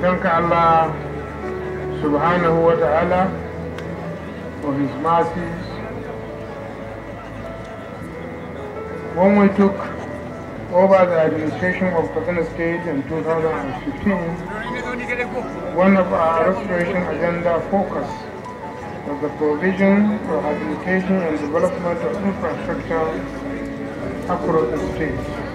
thank Allah subhanahu wa ta'ala for his mercies. When we took over the administration of Kaduna State in 2015, one of our restoration agenda focus was the provision for habilitation and development of infrastructure across the state.